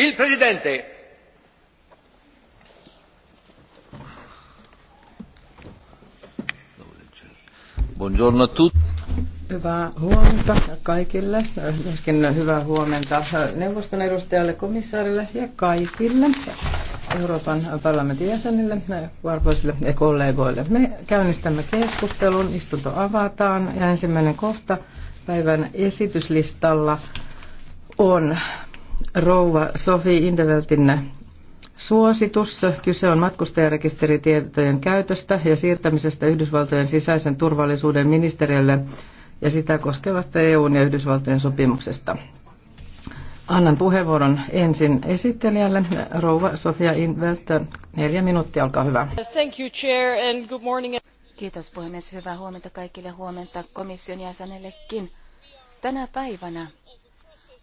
Il Presidente. Buongiorno a tutti. Hyvää huomenta kaikille, myöskin hyvää huomenta neuvoston edustajalle, komissaarille ja kaikille Euroopan parlamentin jäsenille, arvoisille ja kollegoille. Me käynnistämme keskustelun, istunto avataan ja ensimmäinen kohta päivän esityslistalla on rouva Sofi Indeveltin suositus. Kyse on matkustajarekisteritietojen käytöstä ja siirtämisestä Yhdysvaltojen sisäisen turvallisuuden ministeriölle ja sitä koskevasta EUn ja Yhdysvaltojen sopimuksesta. Annan puheenvuoron ensin esittelijälle, rouva Sofia Inveltä. Neljä minuuttia, olkaa hyvä. Thank you, chair, and good morning. Kiitos puhemies, hyvää huomenta kaikille, huomenta komission jäsenellekin. Tänä päivänä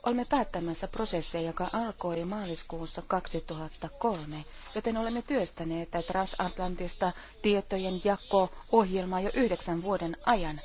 Olemme päättämässä prosessia, joka alkoi maaliskuussa 2003, joten olemme työstäneet transatlanttista tietojen jako-ohjelmaa jo yhdeksän vuoden ajan.